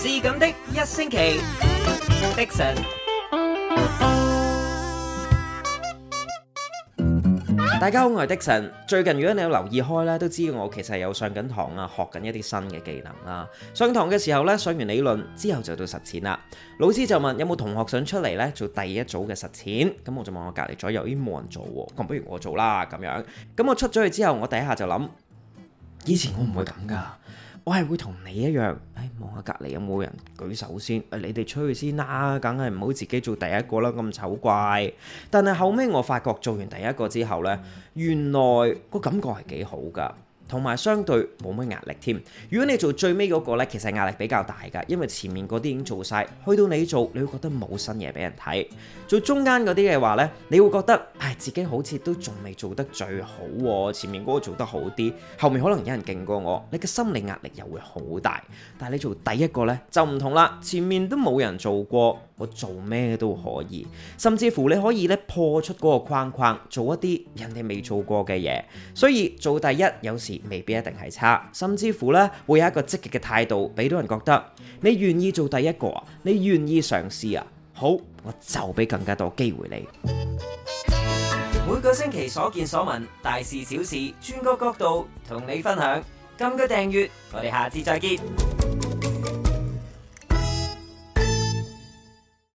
是咁的一星期，Dixon，大家好，我係 Dixon。最近如果你有留意開咧，都知道我其實係有上緊堂啊，學緊一啲新嘅技能啦。上堂嘅時候咧，上完理論之後就到實踐啦。老師就問有冇同學想出嚟咧做第一組嘅實踐，咁我就問我隔籬左右，咦，冇人做喎，咁不如我做啦咁樣。咁我出咗去之後，我第一下就諗，以前我唔會咁噶，我係會同你一樣。望下隔離有冇人舉手先？誒，你哋出去先啦，梗係唔好自己做第一個啦，咁醜怪。但係後尾我發覺做完第一個之後呢，原來個感覺係幾好㗎。同埋相對冇乜壓力添。如果你做最尾嗰個呢，其實壓力比較大㗎，因為前面嗰啲已經做晒。去到你做，你會覺得冇新嘢俾人睇。做中間嗰啲嘅話呢，你會覺得唉，自己好似都仲未做得最好喎，前面嗰個做得好啲，後面可能有人勁過我，你嘅心理壓力又會好大。但係你做第一個呢，就唔同啦，前面都冇人做過，我做咩都可以，甚至乎你可以呢破出嗰個框框，做一啲人哋未做過嘅嘢。所以做第一有時。未必一定係差，甚至乎咧會有一個積極嘅態度，俾到人覺得你願意做第一個啊，你願意嘗試啊，好，我就俾更加多機會你。每個星期所見所聞，大事小事，轉個角度同你分享，撳個訂閱，我哋下次再見。